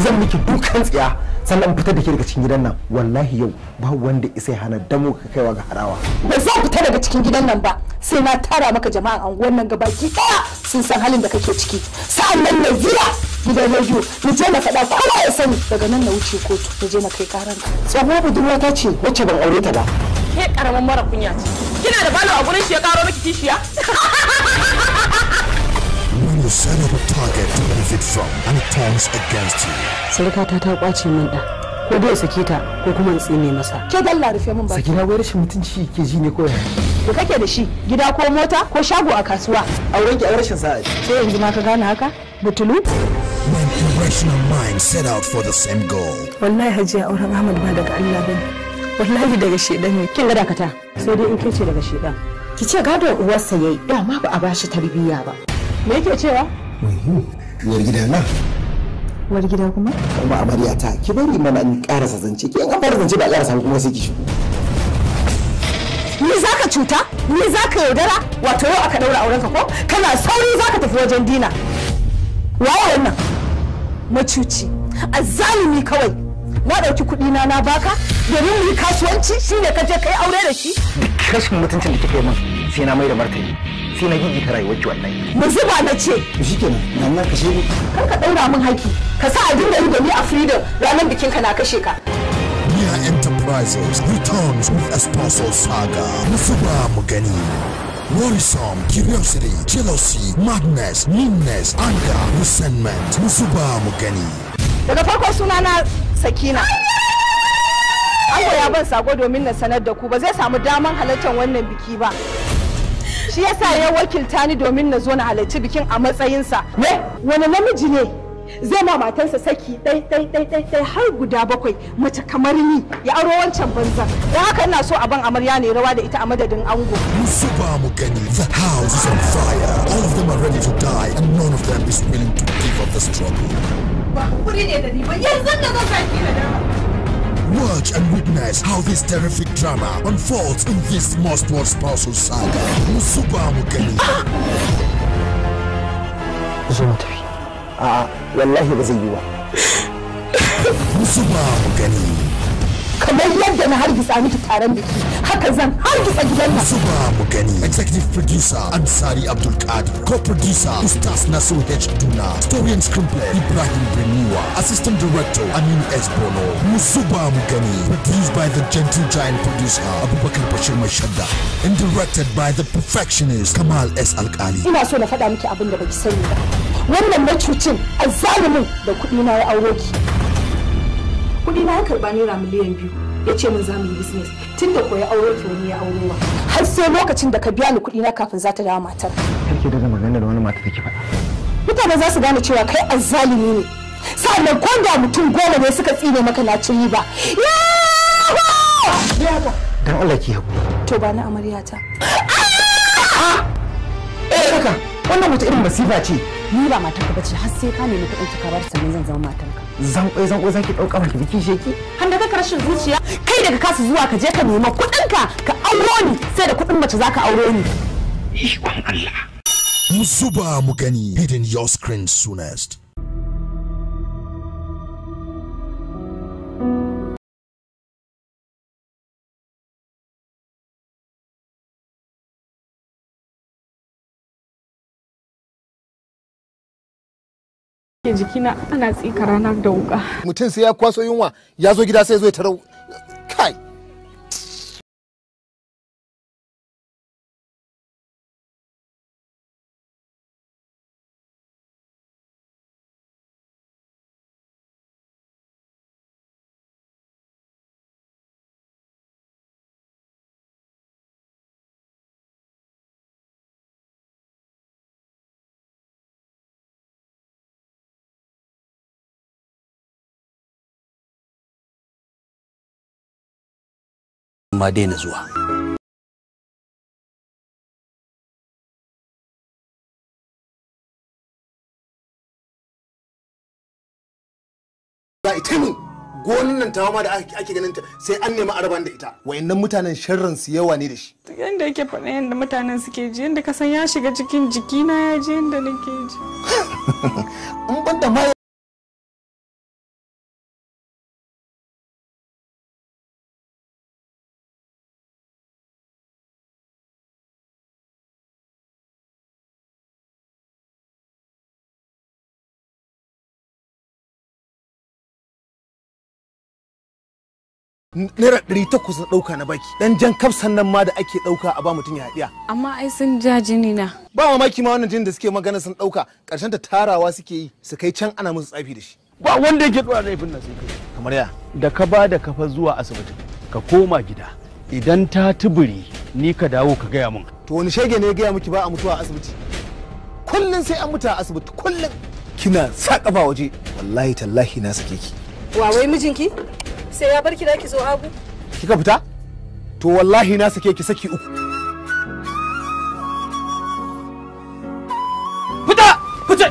zan miki dukan tsiya sannan fitar da ke daga cikin gidan nan wallahi yau ba wanda isai hana damu ka kaiwa ga harawa ba zan fita daga cikin gidan nan ba sai na tara maka jama'an wannan nan ki daya sun san halin da kake ciki sa'an nan na zira gidan rediyo na je na faɗa kowa ya sani daga nan na wuce kotu na je na kai karan ka tsohuwa budurwa ta ce wacce ban aure ta ba ke karamin mara kunya ce kina da falo a gurin shi ya karo miki kishiya discernible target to benefit from and turns against you. Sarkata ta kwace min da. Ko dai sake ta ko kuma ne masa. Ke dalla rufe min ba. Saki na wai shi mutunci ke ji ne koyar. Ko kake da shi gida ko mota ko shago a kasuwa. Auren ki auren shin sa'a. Sai yanzu ma ka gane haka? Butulu? When irrational minds set out for the same goal. Wallahi hajiya auren Ahmad ba daga Allah bane. Wallahi daga shedan ne. Kin ga dakata. Sai dai in kace daga shedan. Ki ce gado uwarsa yayi ma ba a bashi tarbiyya ba. me yake cewa uwar gida na uwar gida kuma kuma amarya ta ki bari mana in karasa zance ki an fara zance ba karasa kuma sai ki shigo ni zaka cuta ni zaka yaudara wato yau aka daura aurenka ko kana sauri zaka tafi wajen dina wawa wannan macuci azalimi kawai na ɗauki kuɗi na na baka domin mu yi kasuwanci shine ka je kai aure da shi duk rashin mutuncin da kike min sai na mai da martani sai na gidi ta rayuwar ki wallahi mu zuba na ce to shikenan nan ka ni. kar ka daura min haki ka sa a dinga yi ni a freedom ranar bikin ka na kashe ka Mia Enterprises returns with a sponsor saga. mu gani? Worrisome, curiosity, jealousy, madness, meanness, anger, resentment. Musuba Mugani. Daga farko suna na Sakina. an ya ban sako domin na sanar da ku ba zai samu damar halartar wannan biki ba. shi yasa ya wakilta ni domin na zo na halarci bikin a matsayinsa Me? wani namiji ne zai ma matansa saki ɗai ɗai ɗai ɗai har guda bakwai mace kamar ni ya aro wancan banza don haka ina so a ban amarya ne rawa da ita a madadin ango musu ba mu gani the house is on fire all of them are ready to die and none of them is willing to give up the struggle ba kuri ne da ni ba yanzu zo zan saki da dama watch and witness how this terrific drama unfolds in this most watch spousal saga, Musuba Mukeni. Zo mu tafi. A'a, ah, ah, wallahi ba zai yi Musuba Mukeni. kamar yadda na hargitsa miki taron biki haka zan hargitsa gidan nan suba mu gani executive producer ansari abdul qadir co-producer ustaz nasiru h duna story and screenplay ibrahim benuwa assistant director Amin s bono musuba mu gani produced by the gentle giant producer abubakar bashir mai shadda and directed by the perfectionist kamal s alkali ina so na faɗa miki abin da baki sani ba wannan macucin azzalumin da kuɗi na ya auro ki kuɗi na ya karɓa naira miliyan biyu ya ce min za mu yi business tun da koya aure ki wani ya aure wa har sai lokacin da ka biya ni kuɗi na kafin za ta dawo matar. Kake daga da wani mata take faɗa. Mutane za su gane cewa kai azzalimi ne. Sa'annan ko da mutum goma ne suka tsine maka na ci riba. Dan Allah ki haƙuri. To ba ni amaryata. Ah! Eh wannan wata irin masifa ce. ni ba matar ka bace har sai ka nemi kuɗin ka bar sannan zan zama matar ka zan koi eh, zan koi zaki dauka maki biki sheki har da ka rashin zuciya kai daga kasa zuwa ka je ka nemi kuɗin ka ka auro ni sai da kuɗin mace zaka auro ni ikon Allah mu zuba mu gani hidden your screen soonest jikina ana tsika ranar da wuka mutum sai ya kwaso yunwa ya zo gida sai zo ya tarau ma daina zuwa za ita min gonin nan tawa ma da ake ganin ta sai an nemi araban da ita wayannan mutanen sharran su yawa ne da shi yanda yake faɗa yanda mutanen suke ji yanda ka san ya shiga cikin jikina ya ji yanda nake ji in ban da naira ɗari takwas na ɗauka na baki dan jan kaf sannan ma da ake ɗauka a ba mutum ya haɗiya. amma ai sun ja jini na. ba mamaki ma wannan jinin da suke magana sun ɗauka ƙarshen ta tarawa suke yi su kai can ana musu tsafi da shi. ba wanda yake ɗora laifin nan sai kai. kamar ya. da ka ba da kafa zuwa asibiti ka koma gida idan ta tuburi ni ka dawo ka gaya min. to wani shege ne ya gaya miki ba a mutuwa a asibiti kullum sai an mutu a asibiti kullum. kina sa kafa waje wallahi tallahi na sake ki. wa wai mijinki? sai ya bar ki da ki zo abu. kika fita to wallahi na sake ki saki uku fita fita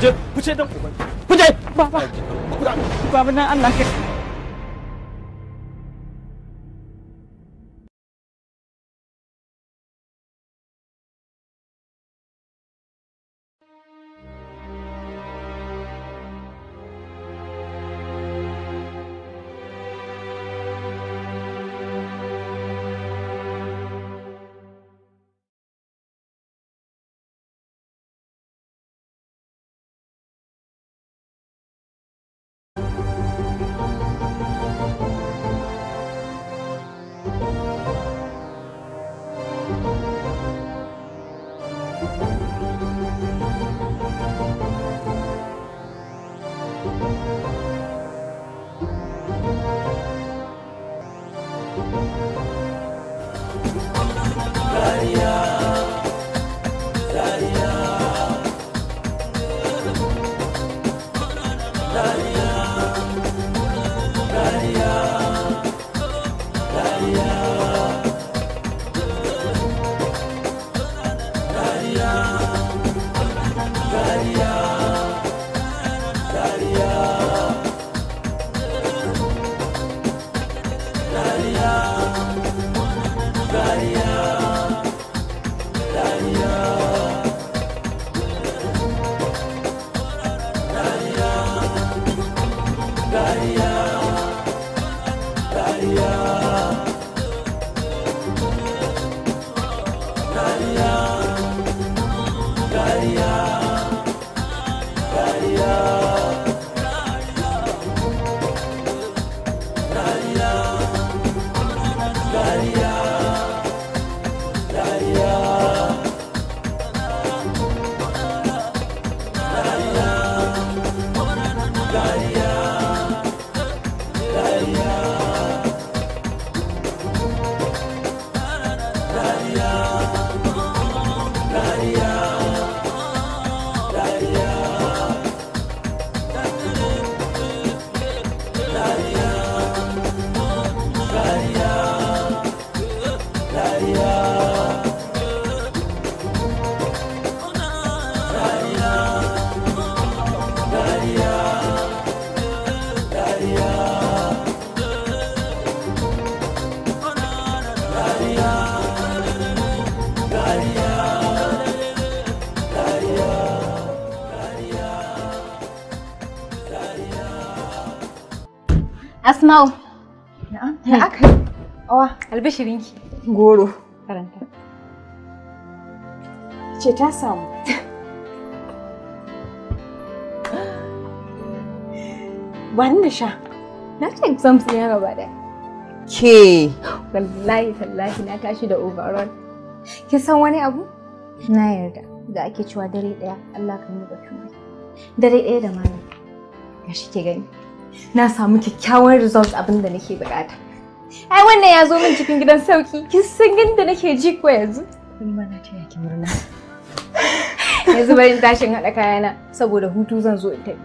je fice dan uban fice baba baba nan Allah kai Asma'u. Na'am. Ya aka yi. Awa. Albishirinki. Goro. Karanta. Ce ta samu. Er Bani da sha. Na ce exams ne gaba daya. Ke. Wallahi tallahi na tashi da overall. Kin san wani abu? Na yarda. Da ake cewa dare daya Allah kan yi batu. Dare daya da malam. Ya shi ke gani. na samu kyakkyawan result abin da nake bukata ai wannan ya zo min cikin gidan sauki kin san inda nake ji ko yanzu kuma na taya ki murna yanzu bari in tashin haɗa kayana saboda hutu zan zo in tafi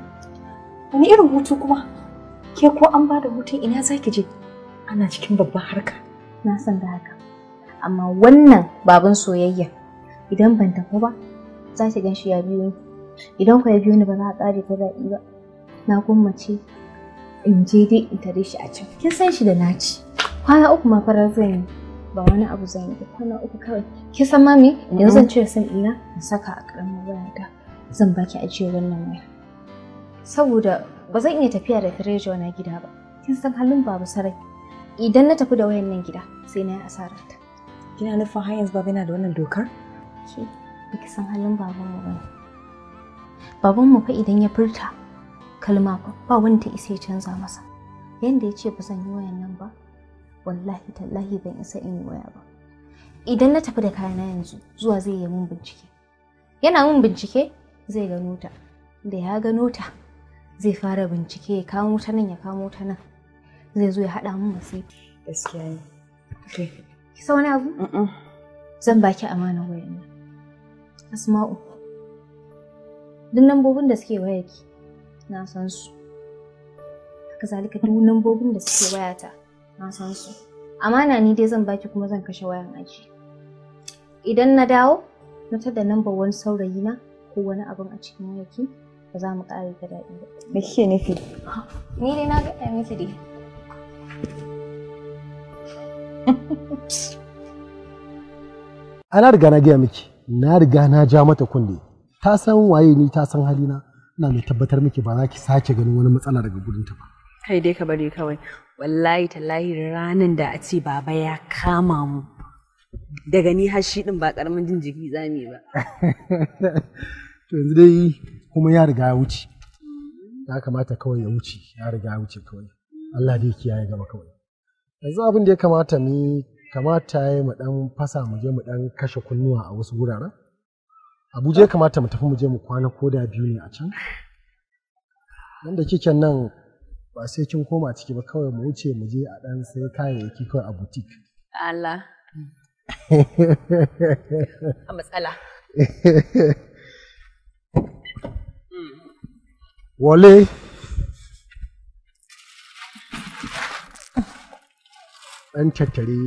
wani irin hutu kuma ke ko an bada hutun ina zaki je ana cikin babban harka na san da haka amma wannan baban soyayya idan ban tafi ba za ki gan shi ya biyo ni idan ku ya biyo ni ba za a kare ta daɗi ba na gwammace in je dai in tare shi a can kin san shi da naci kwana uku ma farar zan yi ba wani abu zan yi kwana uku kawai kin san mami yanzu zan cire san ina? in saka a ƙaramin wayata zan baki ajiye wannan waya saboda ba zan iya tafiya da tarejo na gida ba kin san halin babu sarai idan na tafi da wayan nan gida sai na yi asarar ta kina nufin har yanzu babu yana da wannan dokar ki san halin babanmu ba babanmu fa idan ya furta kalma ba ba wanda isa ya canza masa yanda ya ce ba zan yi wayan nan ba wallahi tallahi ban isa in yi waya ba idan na tafi da kayana yanzu zuwa zai yi mun bincike yana mun bincike zai gano ta da ya gano ta zai fara bincike ya kamo ta nan ya kamo ta nan zai zo ya haɗa mun masifa gaskiya ne ki sa wani abu zan baki amana wayan nan asma'u duk lambobin da suke wayarki na san su haka zalika duk lambobin da suke wayata na san su amana ni dai zan baki kuma zan kashe wayan aji idan na dawo na tada lambar wani saurayi na ko wani abin a cikin wayaki ba za mu ƙare ta daɗi ba me kike nufi ni dai na ga miki dai ana riga na gaya miki na riga na ja mata kunne ta san waye ni ta san halina ina mai tabbatar miki ba za ki sake ganin wani matsala daga gurin ta ba kai dai ka bari kawai wallahi tallahi ranan da a ce baba ya kama mu daga ni har shi din ba karamin jin jiki za yi ba to yanzu dai kuma ya riga ya wuce ya kamata kawai ya wuce ya riga ya wuce kawai Allah dai kiyaye gaba kawai yanzu abin da ya kamata ni kamata ya yi mu dan fasa mu je mu dan kashe kunnuwa a wasu wuraren Abuja ya kamata mu tafi mu je mu kwana ko da biyu ne a can. Wanda kike nan ba sai kin koma ciki ba kawai mu wuce mu je a dan sai kayayyaki kawai a butik. Allah. A matsala. Wale. Ɗan tattare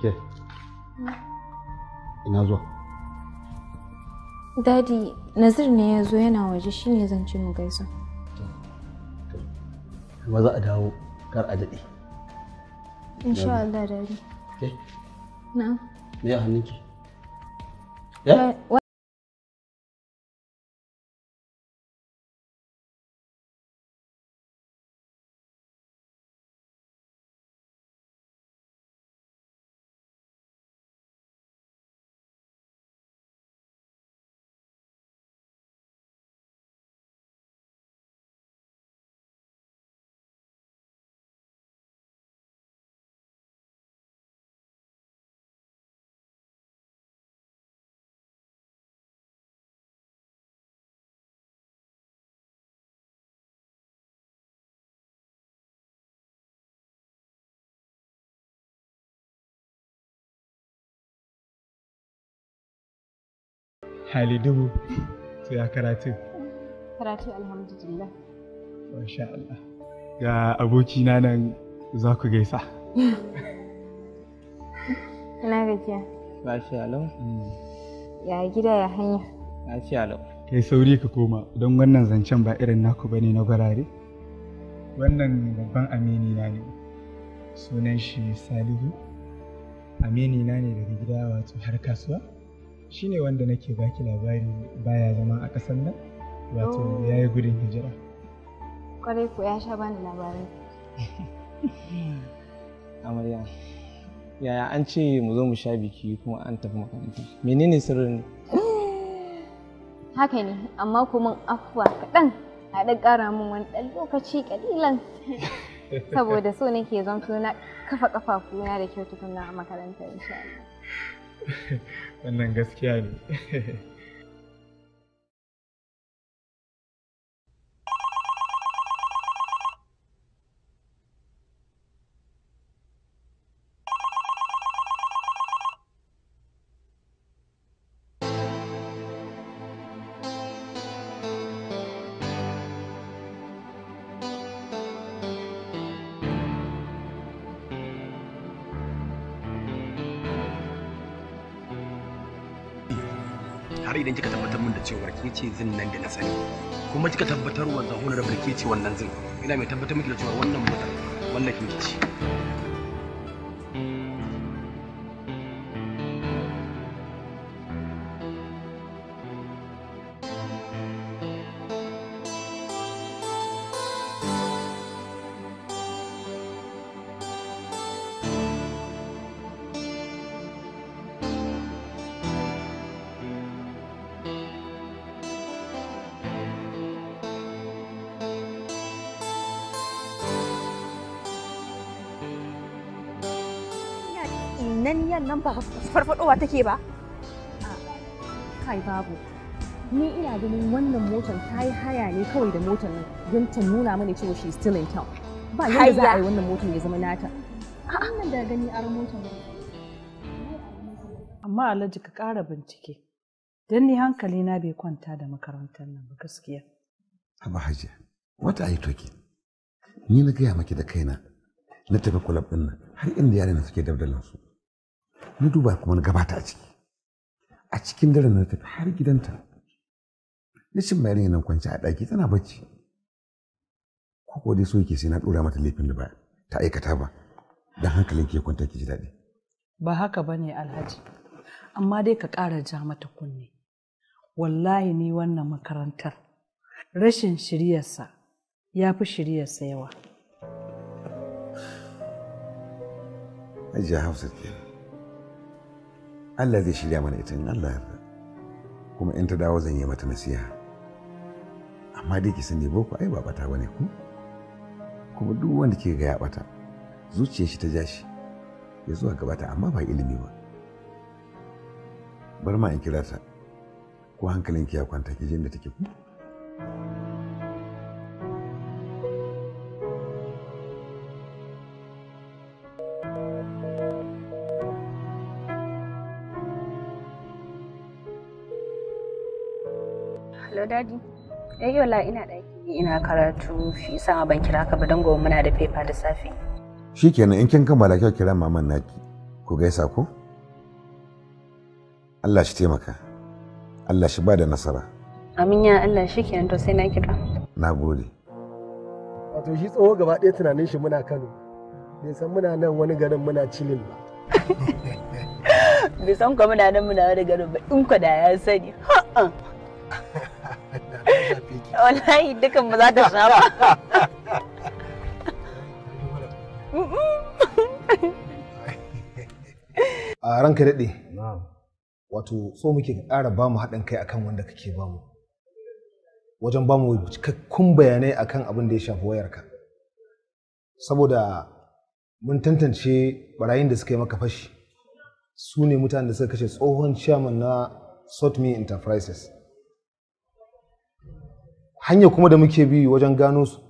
Ke, ina zuwa. Daddy, Nazir ne ya zo yana waje shi ne zan ce mu gaisa. za a dawo kar a daɗe. Insha Allah Daddy. Ke? Na. Me ya hannunki? Ya? hali dubu to ya karatu karatu alhamdulillah masha Allah ga abokina nan za ku gaisa ina gajiya masha Allah hmm. ya gida ya hanya masha Allah kai sauri ka koma don wannan zancen ba irin naku bane na gwarare wannan babban amini na ne sunan shi salihu amini na ne daga gida wato har kasuwa shine wanda nake baki labari baya zama a ƙasar nan wato oh. ya yi gudun hijira kwarai ku ya sha bani labarin amarya yaya an ce mu zo mu sha biki kuma an tafi makaranta menene sirrin haka ne amma kuma afuwa kaɗan a ɗan ƙara min wani ɗan lokaci ƙalilan saboda so nake zanto na kafa ƙafafuna da kyau tukuna a makarantar insha Allah wannan gaskiya ne ce zin nan da na sani kuma kika tabbatar wa zahuna da ke ce wannan zin ina mai tabbatar miki da cewa wannan motar wannan kin ci nan nan ba farfadowa take ba kai babu ni ina ganin wannan motar ta yi haya ne kawai da motar nan don ta nuna mana cewa she still in town ba yadda za a yi wannan motar ya zama nata a'a nan da gani aron motar amma alhaji ka kara bincike don ni hankali na bai kwanta da makarantar nan ba gaskiya Aba Hajiya, what are you talking? Ni na gaya maki da kaina na tafi kulab ɗin nan har inda yaran suke dabdalan su. na duba kuma na gabata a ciki a cikin dare na tafi har gidanta na cin bayan nan kwanci a ɗaki tana bacci ko ko dai so yake sai na ɗora mata laifin da ba ta aikata ba don hankalin ke kwanta ki ji daɗi ba haka ba ne alhaji amma dai ka ƙara ja mata kunne wallahi ni wannan makarantar rashin shiryarsa ya fi shiryarsa yawa Hajiya Hausa kenan. Allah zai shirya mana ita in Allah yarda kuma in ta dawo zan yi mata nasiha amma dai ki sani boko ai ba bata bane ku kuma duk wanda ke ga ya bata zuciyar shi ta ja shi ya zuwa gabata amma ba ilimi ba bar ma in kira ta ko hankalinki ya kwanta ki jin da take ku hello daddy eh yola ina ɗaki ina karatu shi sama ban kira ka ba don gobe muna da paper da safe shi shikenan in kin kammala kyau kira maman naki ku gaisa ko Allah shi taimaka Allah shi ba da nasara amin ya Allah shikenan to sai na kira na gode wato shi tsoho gaba ɗaya tunanin shi muna Kano bai san muna nan wani garin muna cilin ba bai san kuma muna nan muna wani garin ba in ku da ya sani ha'a wallahi dukan ba za ta sha ba a ranka daɗe wato so muke ƙara ba mu haɗin kai akan wanda kake ba mu wajen ba mu cikakkun bayanai akan abin da ya shafi wayarka saboda mun tantance barayin da suka yi maka fashi su ne mutanen da suka kashe tsohon chairman na Sotmi enterprises hanya kuma da muke bi wajen gano su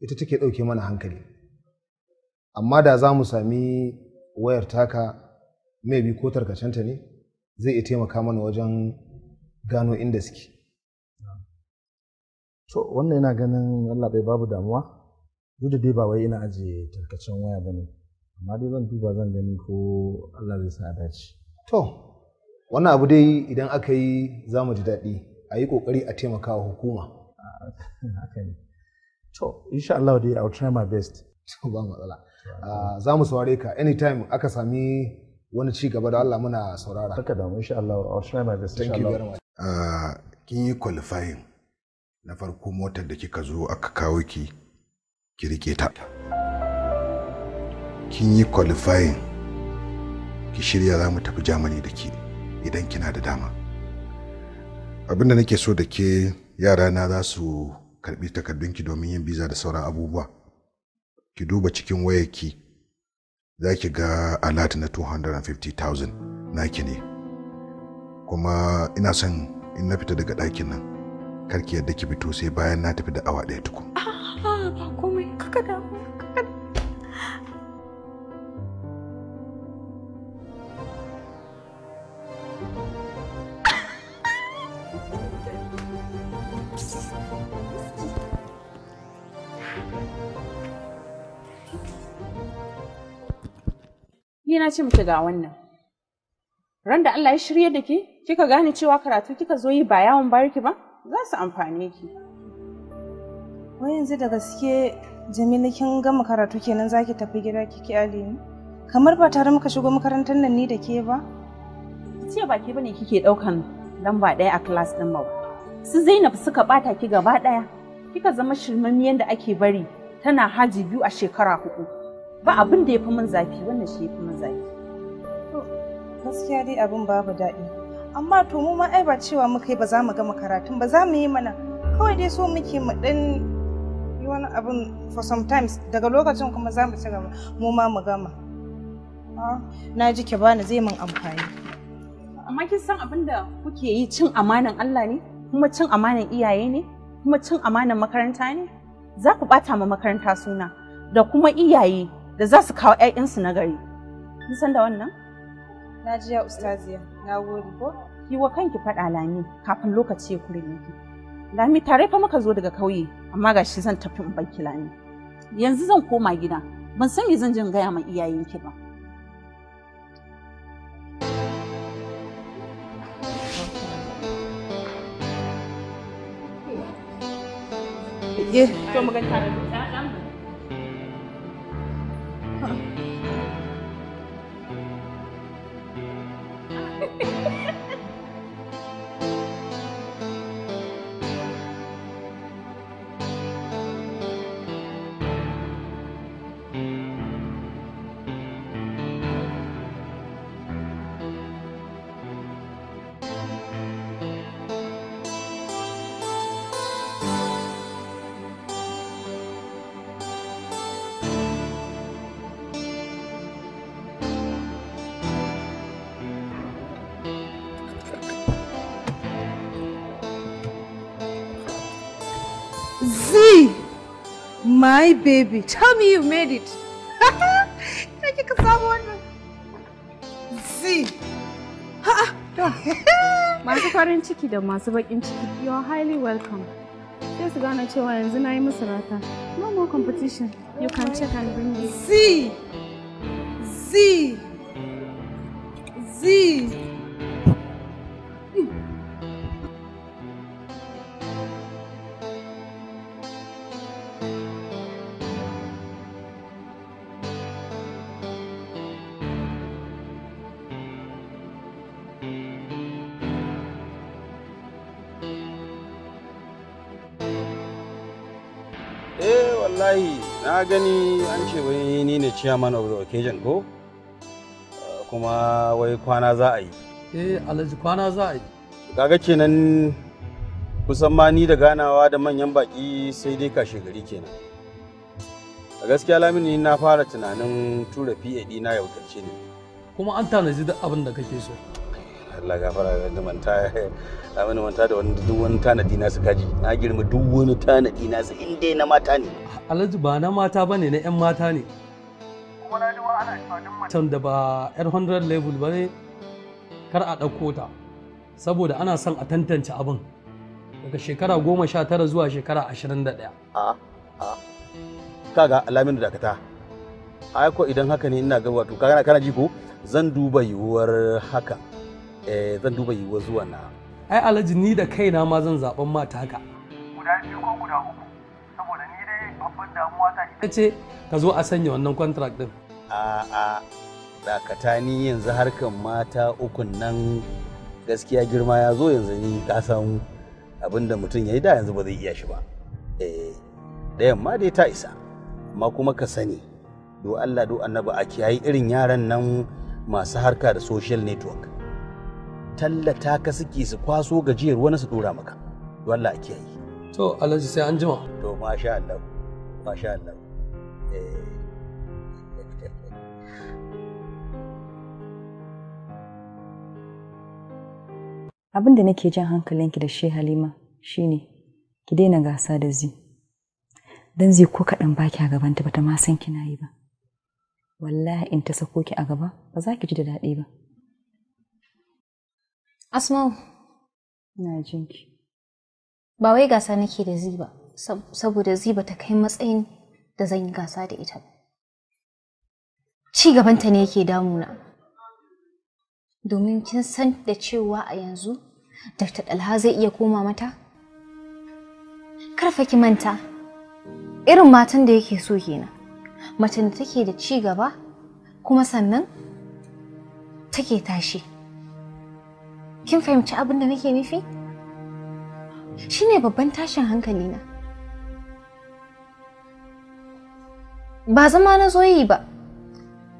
ita take ɗauke mana hankali amma da za mu sami wayar taka mai bi ko tarkacenta ne zai iya taimaka mana wajen gano inda suke to wannan yana ganin Allah bai babu damuwa duk da dai ba wai ina ajiye tarkacen waya bane amma dai zan duba zan gani ko Allah zai sa dace to wannan abu dai idan aka yi za mu ji daɗi a yi ƙoƙari a taimaka hukuma to insha za mu saurare ka anytime aka sami wani ci gaba da Allah muna saurara haka da insha Allah I'll try my best thank you very much ah, kin yi qualifying na farko motar da kika zo aka kawo ki ki rike ta kin yi qualifying ki shirya za mu tafi jamani da ki idan kina da dama abinda nake so da ke yarana za su karɓi takardunki domin yin biza da sauran abubuwa ki duba cikin wayarki za ki ga alat na 250,000 naki ne kuma ina son in na fita daga ɗakin nan karki yadda ki fito sai bayan na tafi da awa ɗaya tukun. Ah, ba ah, komai kaka ni na ce miki ga wannan ran da Allah ya shirye da ke, kika gane cewa karatu kika zo yi ba yawon bariki ba za su amfane ki wai yanzu da gaske Jamila kin gama karatu kenan zaki tafi gida ki Ali ne? kamar ba tare muka shigo makarantar nan ni da ke ba ce ba ke bane kike daukan lamba ɗaya a class din ba su Zainab suka bata ki gaba ɗaya kika zama shirmammiyan da ake bari tana haji biyu a shekara hudu ba abin da ya fi min zafi wannan shi ya fi min zafi gaskiya dai abin babu daɗi amma to mu ma ai ba cewa muka yi ba za mu gama karatun ba za mu yi mana kawai dai so muke mu ɗan yi wani abin for sometimes daga lokacin kuma za mu ci gaba mu ma mu gama ah, na ji ki bani zai min amfani amma kin san abin da kuke yi cin amanan Allah ne kuma cin amanan iyaye ne kuma cin amanan makaranta ne za ku ɓata ma makaranta suna da kuma iyaye da za su kawo 'ya'yansu na gari kin san da wannan na ji ustaziya na gode ko ki wa kanki faɗa lami kafin lokaci ya kure miki lami tare fa muka zo daga kauye amma gashi zan tafi in baki lami yanzu zan koma gida ban san me zan jin gaya ma iyayenki ba Yeah. My baby, tell me you made it. Ina kika samu wannan? Z. Ha. Masu farin ciki da masu bakin ciki, you are highly welcome. Sai su gane cewa yanzu na yi musu rata. No more competition. You can check and bring me. Z. Z. Z. na gani an ce wai ni ne chairman of the occasion ko kuma wai kwana za a yi eh alhaji kwana za a yi kaga kenan kusan ma ni da ganawa da manyan baki sai dai kashe gari kenan a gaskiya lamini na fara tunanin tura P.A.D na yautarce ne kuma an tanaji duk abin da kake so Allah gafara da manta a wani manta da wani duk wani tanadi nasu kaji na girma duk wani tanadi nasu in dai na mata ne Alhaji ba na mata bane na yan mata ne kuma na wa ana ifanin matan da ba yar 100 level bane kar a ɗauko ta saboda ana son a tantance abin daga shekara goma sha tara zuwa shekara ashirin da ɗaya. A, a, kaga alamin dakata. Ai ko idan haka ne ina ga wato kana kana ji ko zan duba yiwuwar haka. Eh, zan duba yiwuwar zuwa na ai alhaji ni da kaina ma zan zaben mata haka guda biyu ko guda uku saboda ni dai babban damuwa ta ita ce ka zo a sanya wannan contract din a a dakata ni yanzu harkan mata ukun nan gaskiya girma ya zo yanzu ni ka samu abinda mutum yayi da yanzu ba zai iya shi ba eh dayan ma dai ta isa amma kuma ka sani do Allah do annabi a kiyayi irin yaran nan masu harka da social network tallata ka suke su kwaso gajiyar wani su dora maka wallah ake yi. to alhaji sai an jima to masha Allah masha Allah eh. abin da nake jan hankalinki da shi halima shine ki daina gasa da zi dan zai ko kaɗan baki a gabanta ta ma san kina yi ba wallahi in ta sako ki a gaba ba za ki ji da daɗi ba Asma'u. Na jinki. Ba wai gasa nake da ziba, saboda ziba ta kai matsayin da zan yi gasa da ita. Ci gabanta ne yake damuna. Domin kin san da cewa a yanzu, Dr. Dalha zai iya koma mata? Karfa ki manta, irin matan da yake so kenan. Matan da take da ci gaba, kuma sannan take tashi. Kin fahimci abin da nake nufi? Shi ne babban tashin hankali na. Ba zama na zo ba,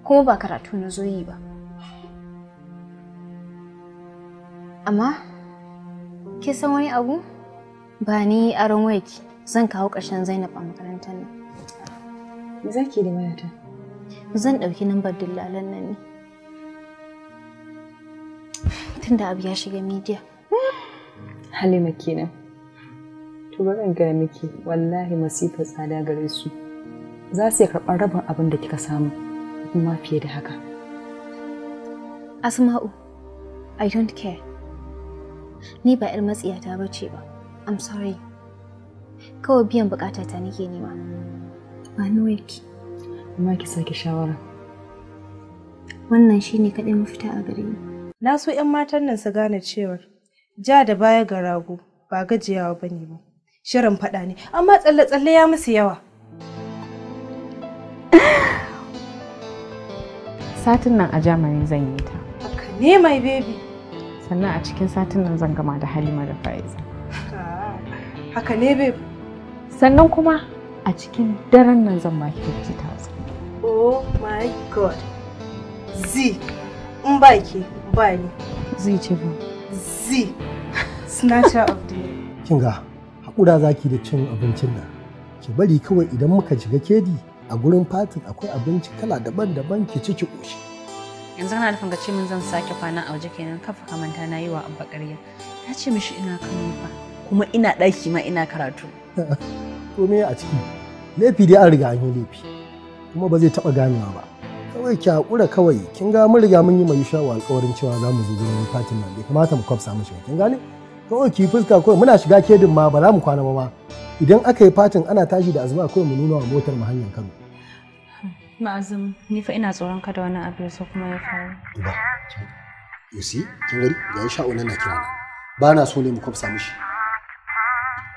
kuma ba karatu na zo ba. Amma, ke san wani abu? Ba ni aron wayarki zan kawo ƙarshen Zainab a makarantar nan. za ki da wayata? Zan ɗauki nambar dillalan nan ne. da abu ya shiga midiya halima kenan to bari gaya miki wallahi masifa tsada gare su za su iya karɓar rabin abin da kika samu kuma fiye da haka asma'u i don't care ni ba 'yar matsiyata ba ce ba i'm sorry kawai biyan bukatata nake nema ba ni amma ki sake shawara wannan shi shine kaɗai mafita a gare ni Na so ‘yan matan nan su gane cewar ja da baya ga rago ba gajiyawa ba ne ba. Shirin faɗa ne, amma tsalle-tsalle ya musu yawa. Satin nan a Jamani zan yi ta. Haka ne mai baby. Sannan a cikin satin nan zan gama da Halima da Faiza. Haka ne babe. Sannan kuma a cikin daren nan zan baki ta Oh my god. zi in ba ke Why? Zai ce fa. Z. Snatcher of the Kin ga haƙura zaki da cin abincin nan. Ki bari kawai idan muka shiga kedi a gurin fatin akwai abinci kala daban-daban ki ci ki ƙoshi. Yanzu kana nufin ka ce min zan sake kwana a waje kenan kafa kamanta na yi wa abba ƙarya. ya ce mishi ina kano fa kuma ina ɗaki ma ina karatu. To me a ciki? Laifi dai an riga an yi laifi kuma ba zai taɓa ganewa ba. kawai ki kawai kin ga mun riga mun yi mai shawo alƙawarin cewa za mu zuwa gurin fatin nan bai kamata mu kwafsa mu shiga kin gane kawai ki fuska kawai muna shiga kedin ma ba za mu kwana ba ma idan aka yi fatin ana tashi da azuma kawai mu nuna wa motar mu hanyar Kano ma'azum ni fa ina tsoron kada wani abu ya so kuma ya faru ba you see kin gari ga sha'o nan na kira ba na so ne mu kwafsa mishi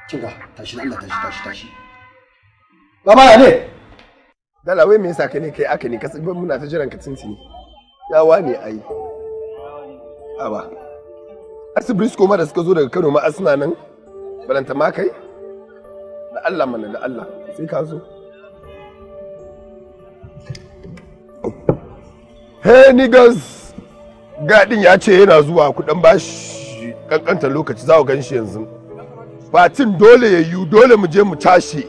kin ga tashi Allah tashi tashi tashi ba ma ne Dala wai me yasa ka ne kai aka ne ka ban muna ta jiran ka tsintsini. Yawa ne ai. Aba. asu brisko ma da suka zo daga Kano ma asuna nan. Balanta ma kai. Da Allah mana da Allah sai ka zo. Hey niggas. Gadin ya ce yana zuwa ku dan bashi kankanta lokaci za ku ganshi yanzu. Fatin dole ya yiwu dole mu je mu tashi.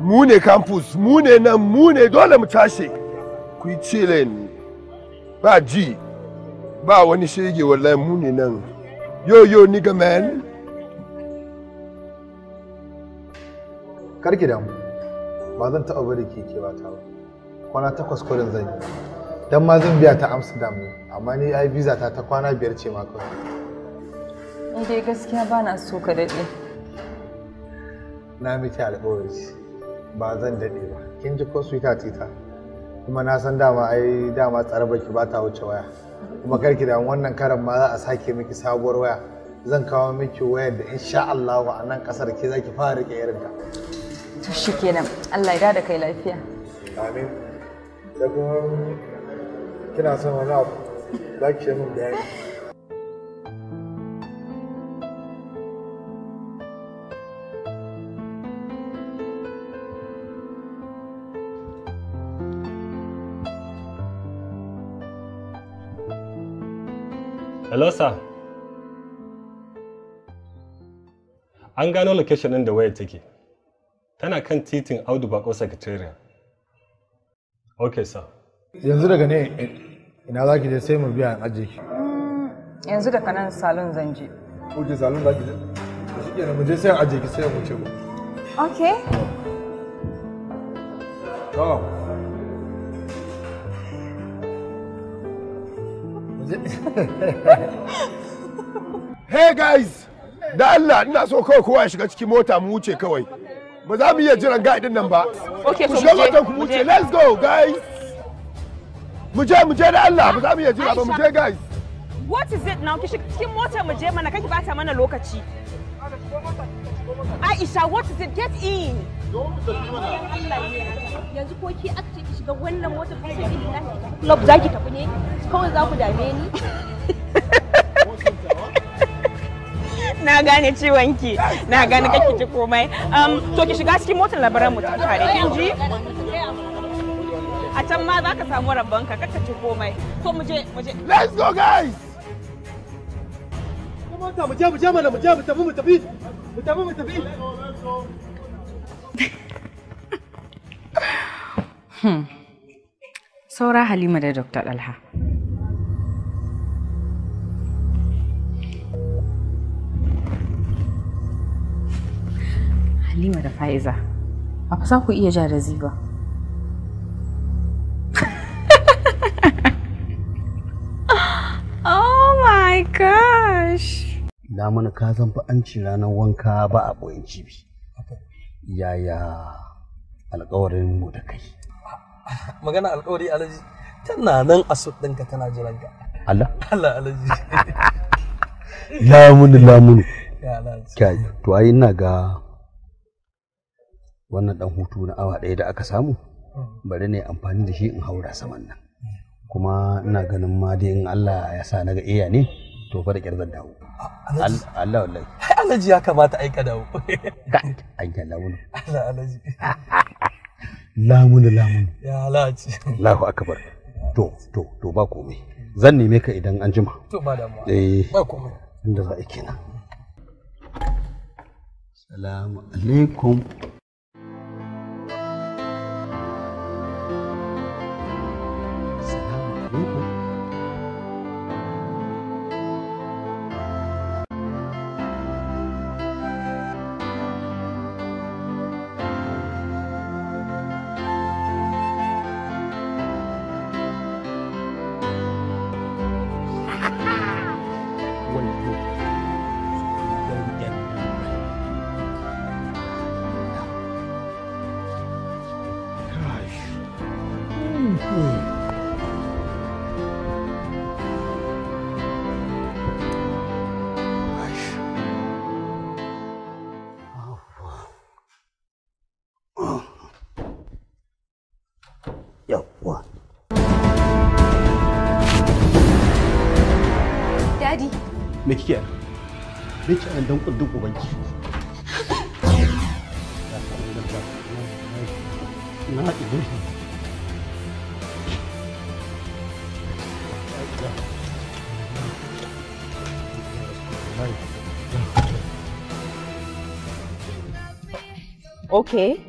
mu ne campus mu ne nan mu ne dole mu tashi ku yi ni ba ji ba wani shege wallahi mu ne nan yo yo nigga man karki damu ba zan taɓa bari ke ta ba kwana takwas kwarin zan yi don ma zan biya ta amsterdam ne amma ni ai visa ta ta kwana biyar ce ma kawai in dai gaskiya ba na so ka daɗe na miki alƙawari ba zan daɗe ba kin ji ko suita tita kuma na san dama ai dama tsare baki ba ta wuce waya kuma karki da wannan karan ma za a sake miki sabuwar waya zan kawo miki wayar da insha Allah a nan kasar ke zaki fara rike irin ta to shikenan Allah ya da kai lafiya amin da kuma kina son wani abu zaki ki yi min bayani Hello, sir. An gano location ɗin da wayar take. Tana kan titin Audu Bako Secretariat. Okay, sir. Yanzu daga ne ina za ki je sai mu biya an ajiye ki. Mm, yanzu daga nan salon zan je. Okay, salon za ki je. Shi kenan mu je sai an ajiye ki sai mu ce ba. Okay. Oh. hey guys da Allah ina so kawai kowa ya shiga cikin mota mu wuce kawai ba za mu iya jiran ga nan ba ku shiga motan ku wuce let's go guys mu je mu je da Allah ba za mu iya jira ba mu je guys what is it now ki shiga cikin mota mu je mana kake bata mana lokaci Aisha what is it get in yanzu ko ki aka ce ki shiga wannan motar club zaki tafi ne kawai za ku dame ni na gane ciwon ki na gane kake ji komai um, to ki shiga cikin motar labaran mu tare kin ji a can ma za ka samu rabon ka kaka ci komai ko mu je mu je let's go guys mu je mu je mu je mu tafi mu tafi mu tafi mu tafi hmm. Saura Halima da Dr. Dalha. Halima da Fa'iza, ba kusa ku iya ja da ziba. oh my gosh! Na mana ka zan an ci ranar wanka ba a ɓoyin cibi. yaya alkawarin mu da kai magana alkawari alaji tana nan a su ɗinka tana jiran ka Allah Allah alaji lamuni lamuni kai to ai ina ga wannan dan hutu na awa ɗaya da aka samu hmm. bari ne amfani da shi in haura saman nan hmm. kuma ina ganin ma dai in Allah ya sa naga iya ne tofa da kyarzan dawo Allah wallahi Hai alaji ya kamata ai ka dawo an ka lamun Allah alaji lamun lamun ya alaji Allahu akbar to to to ba komai zan neme ka idan an jima to ba damuwa eh ba komai inda za a kenan salamu alaikum not Okay.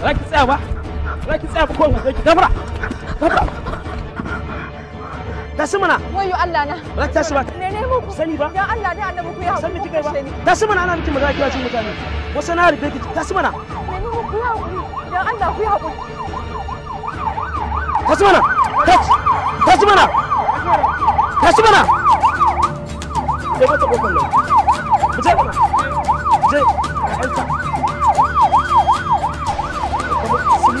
za ki tsaya ba tsaya ba ko mace ki gafara tashi mana wayo Allah na ba tashi ba ne ne muku sani ba dan Allah ne annabi ku ya hakuri san kai ba tashi mana ana miki magana kiwa cin mutane wasu na rufe ki tashi mana ne ne ku ya hakuri dan Allah ku ya hakuri tashi mana tashi tashi mana tashi mana ka ta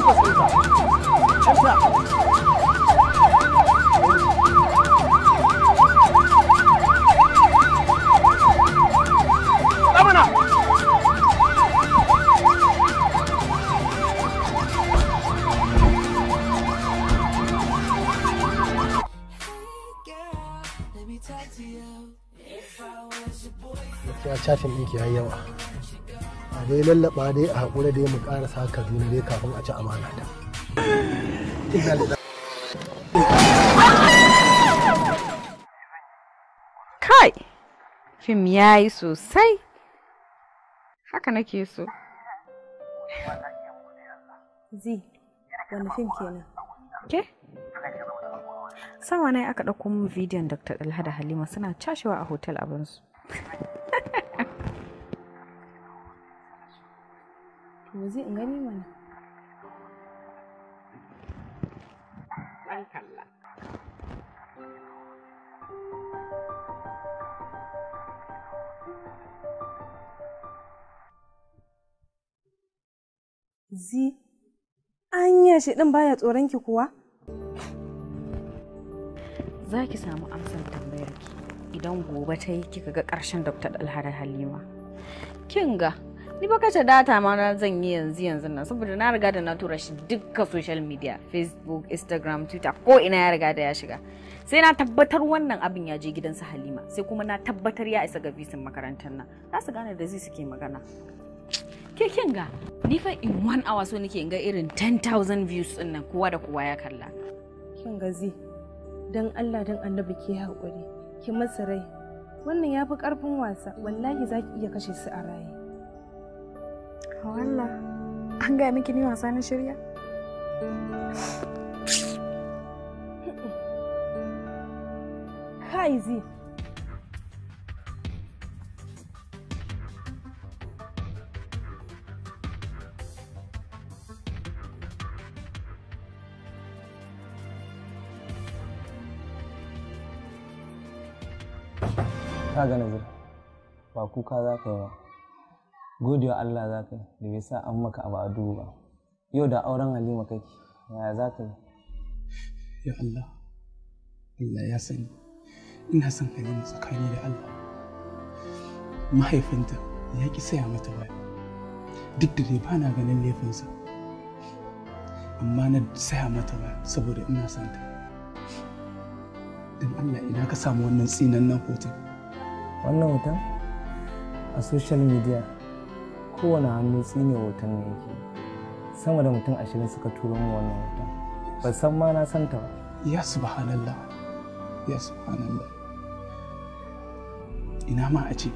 있겠습니다. 챔피언. gaskiya chatin ɗinki ya yi yawa bai lallaba dai a haƙura dai mu ƙarasa kaduna dai kafin a ci amana ta kai fim ya yi sosai haka nake so zi wani fim kenan ke sawa ne aka ɗauko min bidiyon dr Alhada halima suna cashewa a hotel abinsu to zai in gani mana an kalla zi anya shi din baya tsoronki kuwa za ki samu amsar tambayar ki idan gobe ta yi kika ga ƙarshen dr alhara halima kin ga ni ba kace data ma na zan yi yanzu yanzu nan saboda na riga da na tura shi dukkan social media facebook instagram twitter ko ina ya riga da ya shiga sai na tabbatar wannan abin ya je gidansa halima sai kuma na tabbatar ya isa ga bisin makarantar nan za su gane da zai suke magana ke kin ga ni fa in one hour so nake in ga irin 10000 views din nan kowa da kowa ya kalla kin ga zi dan Allah dan annabi ke haƙuri ki masa rai wannan ya fi wasa wallahi za ki iya kashe su a raye wallah an gaya miki ni wasa na shirya haizi ka ga nazir ba kuka za ba godewa Allah za ka yi da bai sa an maka abu a duba yau da auren halima kake ya za ka yi ya Allah Allah ya sani ina son halima tsakani da Allah mahaifinta ya ki saya mata baya duk da dai ba na ganin laifinsa amma na saya mata baya saboda ina son ta don Allah ina ka samu wannan tsinan nan hoton wannan hoton a social media kowane hannu tsine hoton ne yake sama da mutum ashirin suka turo mu wannan hoton ba san ma na santa ba ya subhanallah ya subhanallah ina ma a ce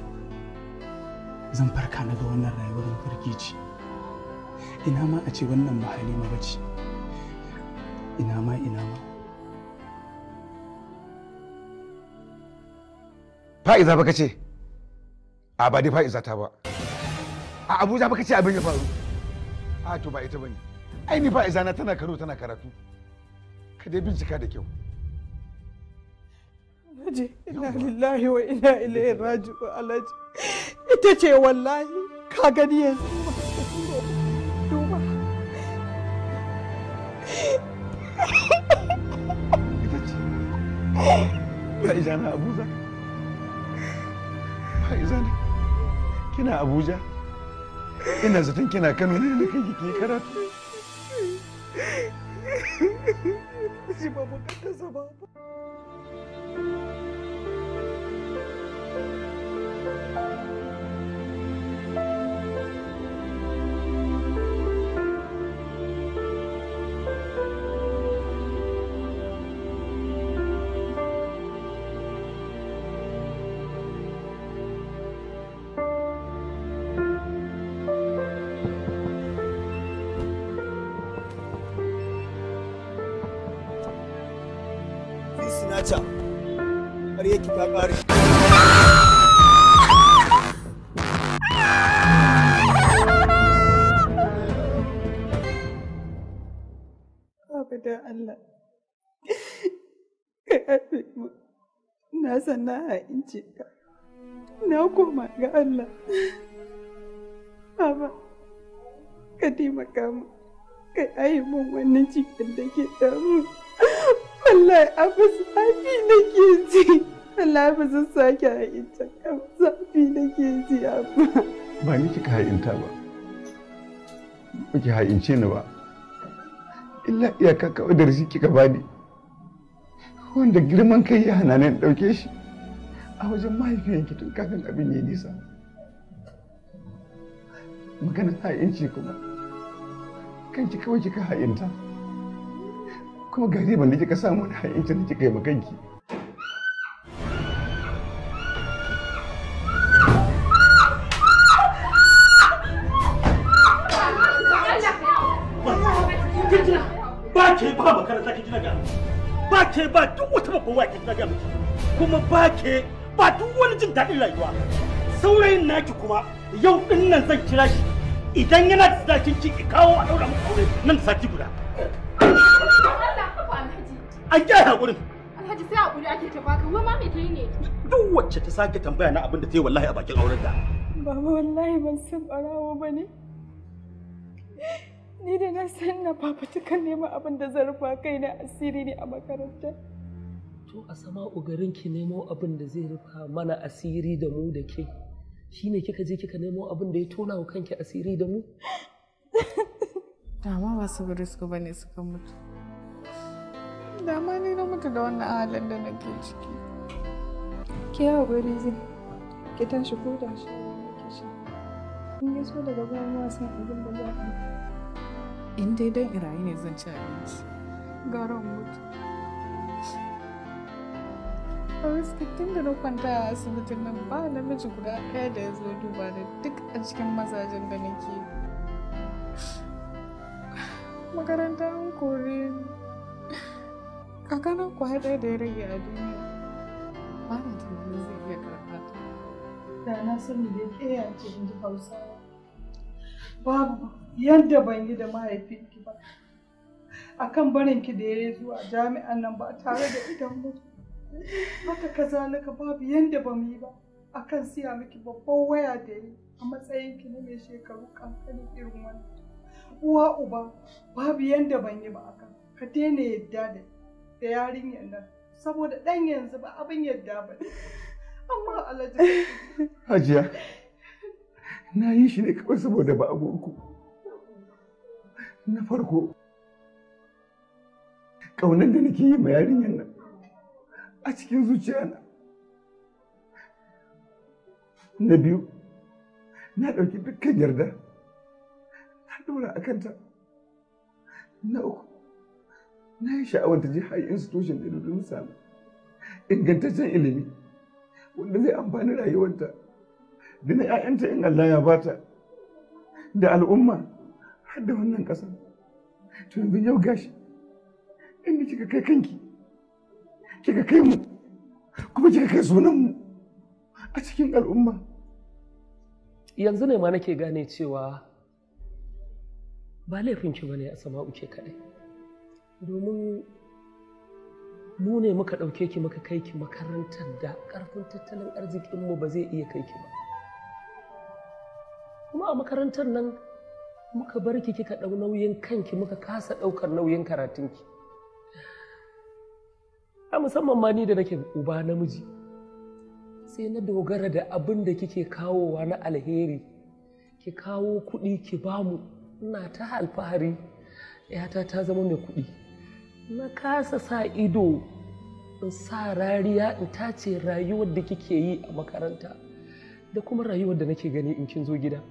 zan farka na ga wannan rayuwar mafarkici ina ma a ce wannan ba halima ba ce ina ma ina ma fa'iza ba ka ce a ba dai fa'iza ta ba a abuja baka ce abin ya faru a to ba ita bane ai ni ba izana tana karo tana karatu ka dai bincika da kyau naje ina lillahi wa inna ilaihi raji'un Alhaji. Ita ce wallahi ka gani yanzu. Duba. Ita ce. Ba izana Abuja. Ba izana. Kina Abuja. ina zaton kina kano ne na kai ke karatu ji ba bukatar sa ba soyayya ki ta ƙare Abadan Allah, ka yafe mu, na san na ha'ince ka, na koma ga Allah. Baba, ka taimaka mu, ka yaye mun wannan cikin da ke damu. wallahi abin zafi nake ji Allah ba zan sake ha'inta zafi nake ji amma. Ba ni kika ha'inta ba. Ba ki ha'ince ni ba. Illa iyaka kawai da rishi kika bani. Wanda girman kai ya hana ni ɗauke shi. A wajen mahaifiyanki tun kafin abin ya nisa. Maganin ha'inci kuma. Kanki kawai kika ha'inta. Kuma gari ban da kika samu wani ha'inci da kika yi ma kanki. abubuwa ke ta ga kuma ba ke ba duk wani jin daɗin rayuwa saurayin naki kuma yau din nan zan kira shi idan yana da zakin ki kawo a daura muku aure nan sati guda an kyai hakurin alhaji sai hakuri ake ta baka wai ma me kai ne duk wacce ta sake tambaya na abin da ta yi wallahi a bakin auren da baba wallahi ban san barawo ba ne ni da na san na fafatukan neman abin da zarfa kai na asiri ne a makarantar fito a sama ugarin ki nemo abin da zai rufa mana asiri da mu da ke shi ne kika je kika nemo abin da ya tona wa kanki asiri da mu dama ba su ba bane suka mutu dama ne na mutu da wannan halin da nake ciki ki haƙuri zai ki tashi ko da shi ke shi in yi so daga baya wasan abin da za a yi in dai dan irayi ne zan ci abinci garon mutu kawai tun da na kwanta a asibitin nan ba namiji guda ɗaya da ya zo duba da duk a cikin mazajen da nake makaranta an kore kakanan kwaya ɗaya da ya rage a duniya ba na tunanin zai iya karɓa da na sani da ɗaya ce in ji hausawa babu yadda ban yi da mahaifinki ba akan barinki da ya zuwa jami'an nan ba tare da idan mutum haka kaza ka babu yanda ba mu yi ba akan siya miki babban waya da yi a matsayin ki na mai shekaru kankanin irin wannan uwa uba babu yanda ban yi ba akan ka daina yadda da da yarinyar nan saboda dan yanzu ba abin yadda ba amma alaji. hajiya na yi shi ne kawai saboda ba agogo na farko ƙaunar da nake yi ma yarinyar a cikin zuciyana na biyu na ɗauki dukkan yarda na ɗora a kanta na uku na yi sha'awar ta je high institution da dudun samu ingantaccen ilimi wanda zai amfani rayuwarta da na 'ya'yanta in Allah ya bata da al'umma har da wannan ƙasa to yanzu yau gashi inda kika kai kanki kika kai mu kuma kika kai sunan mu a cikin al'umma yanzu ne ma nake gane cewa ba laifinki ba ne a sama'u ke kaɗai domin mu ne muka ɗauke ki muka kai ki makarantar da ƙarfin tattalin arzikinmu ba zai iya kai ki ba kuma a makarantar nan muka bar ki kika ɗau nauyin kanki muka kasa ɗaukar nauyin karatunki a musamman ma ni da nake uba namiji sai na dogara da abin da kike kawowa na alheri ki kawo kuɗi ki bamu ina ta alfahari yata ta zama mai kuɗi na kasa sa ido in sa rariya in tace rayuwar da kike yi a makaranta da kuma rayuwar da nake gani in kin zo gida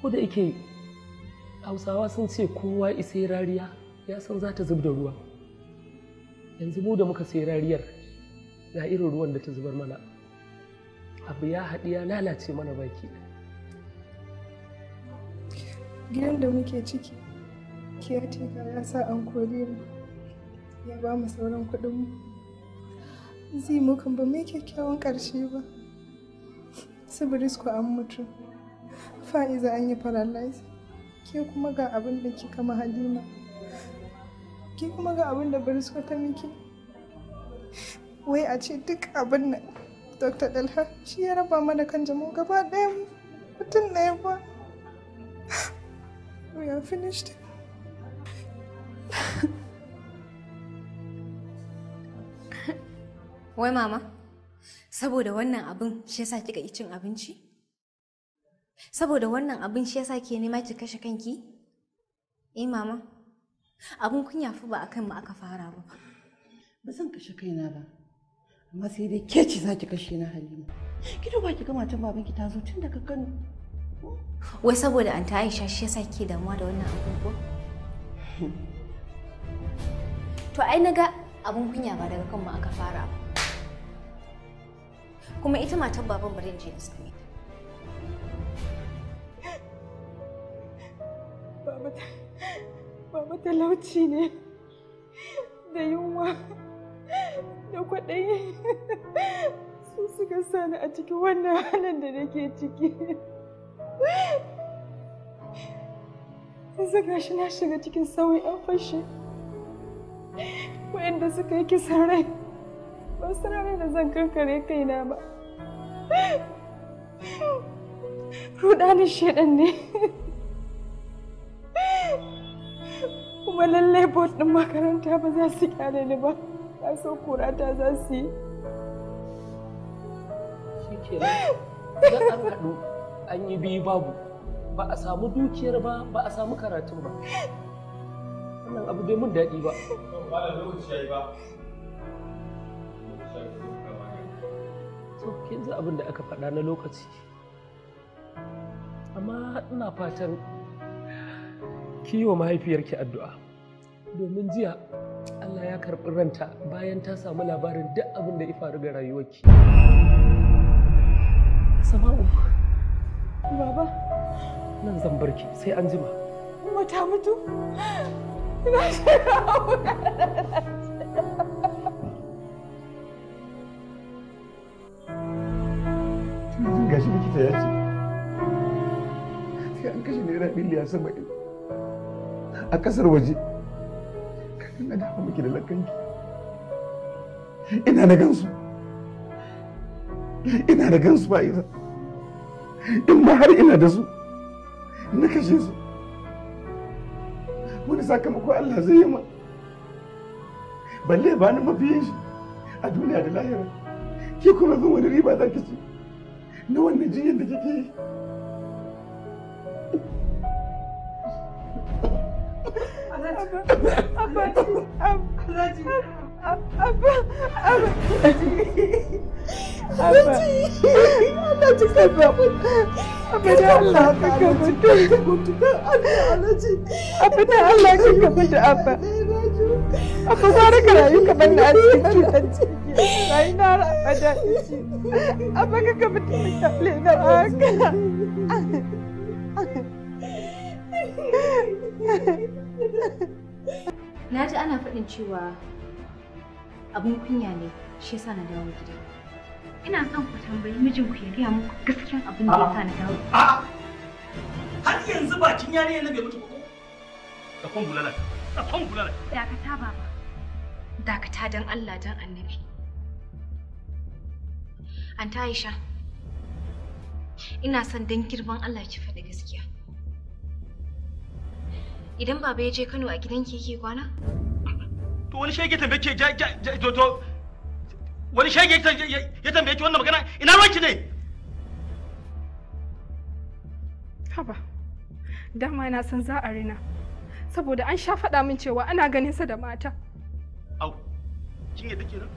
ko da yake hausawa sun ce kowa isai rariya ya san za ta zub da ruwa yanzu mu da muka sai rariyar ga irin ruwan da ta zubar mana abu ya haɗu ya lalace mana baki gidan da muke ciki kiyateka ya sa an kori mu ya ba mu sauran kuɗinmu zai mukan ba mai kyakkyawan ƙarshe ba sibiris ku an mutu fa'iza an yi paralyze ke kuma ga abin da kika mahalina ki kuma ga abin da barisko ta miki wai a ce duk abin nan dr dalha shi ya raba mana kan jamu gaba ɗaya mutum na ba we are finished wai mama saboda wannan abin shi yasa kika yi cin abinci saboda wannan abin shi yasa ke nema ki kashe kanki eh mama abun kunya fa ba akan mu aka fara ba ba zan kashe kaina ba amma sai dai ke ci za ki kashe na halima ki duba ki ga matan babanki ta zo tun daga kano wai saboda an ta aisha shi yasa ke damuwa da wannan abubuwa to ai na ga abun kunya ba daga kanmu aka fara ba kuma ita matan baban bari in je su same ta Baba talauci ne da yunwa da kwaɗayi su suka sani a cikin wannan halin da nake ciki. Yanzu gashi na shiga cikin sauyi an fashe. Wa'inda suka yi kisan rai ba su rana da zan kankare kaina ba. Rudanin shaidan ne. kuma lalle bot din makaranta ba za su kyale ni ba ta so ta za su yi shi an haɗu an yi biyu babu ba a samu dukiyar ba ba a samu karatun ba wannan abu bai mun daɗi ba to ji abin da aka faɗa na lokaci amma ina fatan kiwo mahaifiyarki addu'a domin jiya Allah ya karɓi ranta bayan ta samu labarin duk abin da ya faru ga rayuwarki. Sama'u, baba, nan zan barki sai an jima. Mata mutu? Ina shiga Gashi likita ya ce, sai an kashe naira miliyan saba'in a kasar waje. na dafa miki da lakanki ina da gansu ina da gansu ba in ba har ina da su na kashe su wani sakamako Allah zai yi ma balle ba ni mafiyin shi a duniya da lahira ke kuma zan wani riba za ki ci na wannan jinyar da kike yi Abba gwara ka rayu kamar na asirin kiranci. Rayu na abada ishi. Abba ka ka mutu da na haka. Na ji ana faɗin cewa abin kunya ne shi yasa na dawo gida. Ina son ku tambayi mijinku ya gaya muku gaskiyar abin da yasa na dawo. A'a. Har yanzu bakin yarinyar na bai mutu ba ko? Ka kon bulala. Ka kon bulala. Dakata baba. Dakata dan Allah dan Annabi. Anta Aisha. Ina son dan girman Allah ki faɗi gaskiya. Idan baba ya je Kano a gidan ki yake kwana? To wani shege tambaye ke ja ja to to wani shege ya tambaye ki wannan magana ina ki ne? Haba. Dama na san za a rina. Saboda an sha faɗa min cewa ana ganin sa da mata. Au. Kin yadda kenan?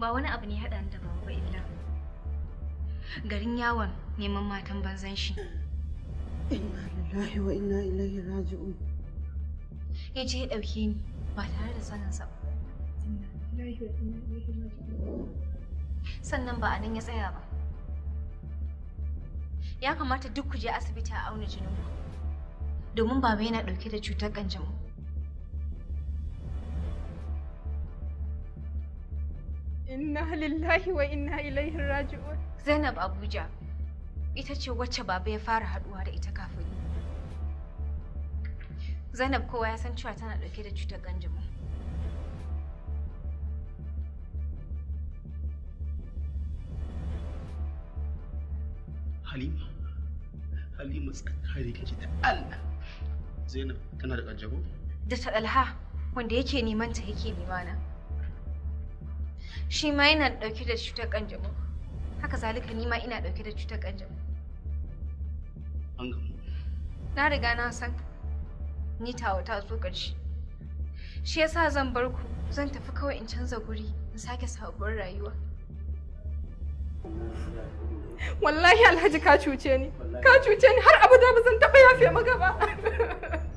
Ba wani abu ne haɗa da baba illa. Garin yawon neman matan banzan shi. Inna lillahi wa inna ilaihi raji'un. Ya je ya ni ba tare da saninsa ba. Sannan ba a nan ya tsaya ba. Ya kamata duk ku je asibiti a auna jininku. Domin baba yana ɗauke da cutar ƙanjamau. Inna lillahi wa inna raji'un. Zainab Abuja. ita ce wacce baba ya fara haduwa da ita kafin ni. Zainab kowa ya san cewa tana dauke da cutar ganjamau. Halima, Halima tsakari kake da Allah. Zainab tana da ganjamau? Da ta ɗalha wanda yake neman ta yake nemana. Shi ma yana dauke da cutar ganjamau. Haka zalika ni ma ina dauke da cutar kanjamau. Na riga na san ni tawa ta zo ƙarshe. Shi yasa zan bar ku zan tafi kawai in canza guri in sake sabuwar rayuwa. Wallahi Alhaji ka cuce ni, ka cuce ni har abada ba zan taɓa yafe maka ba.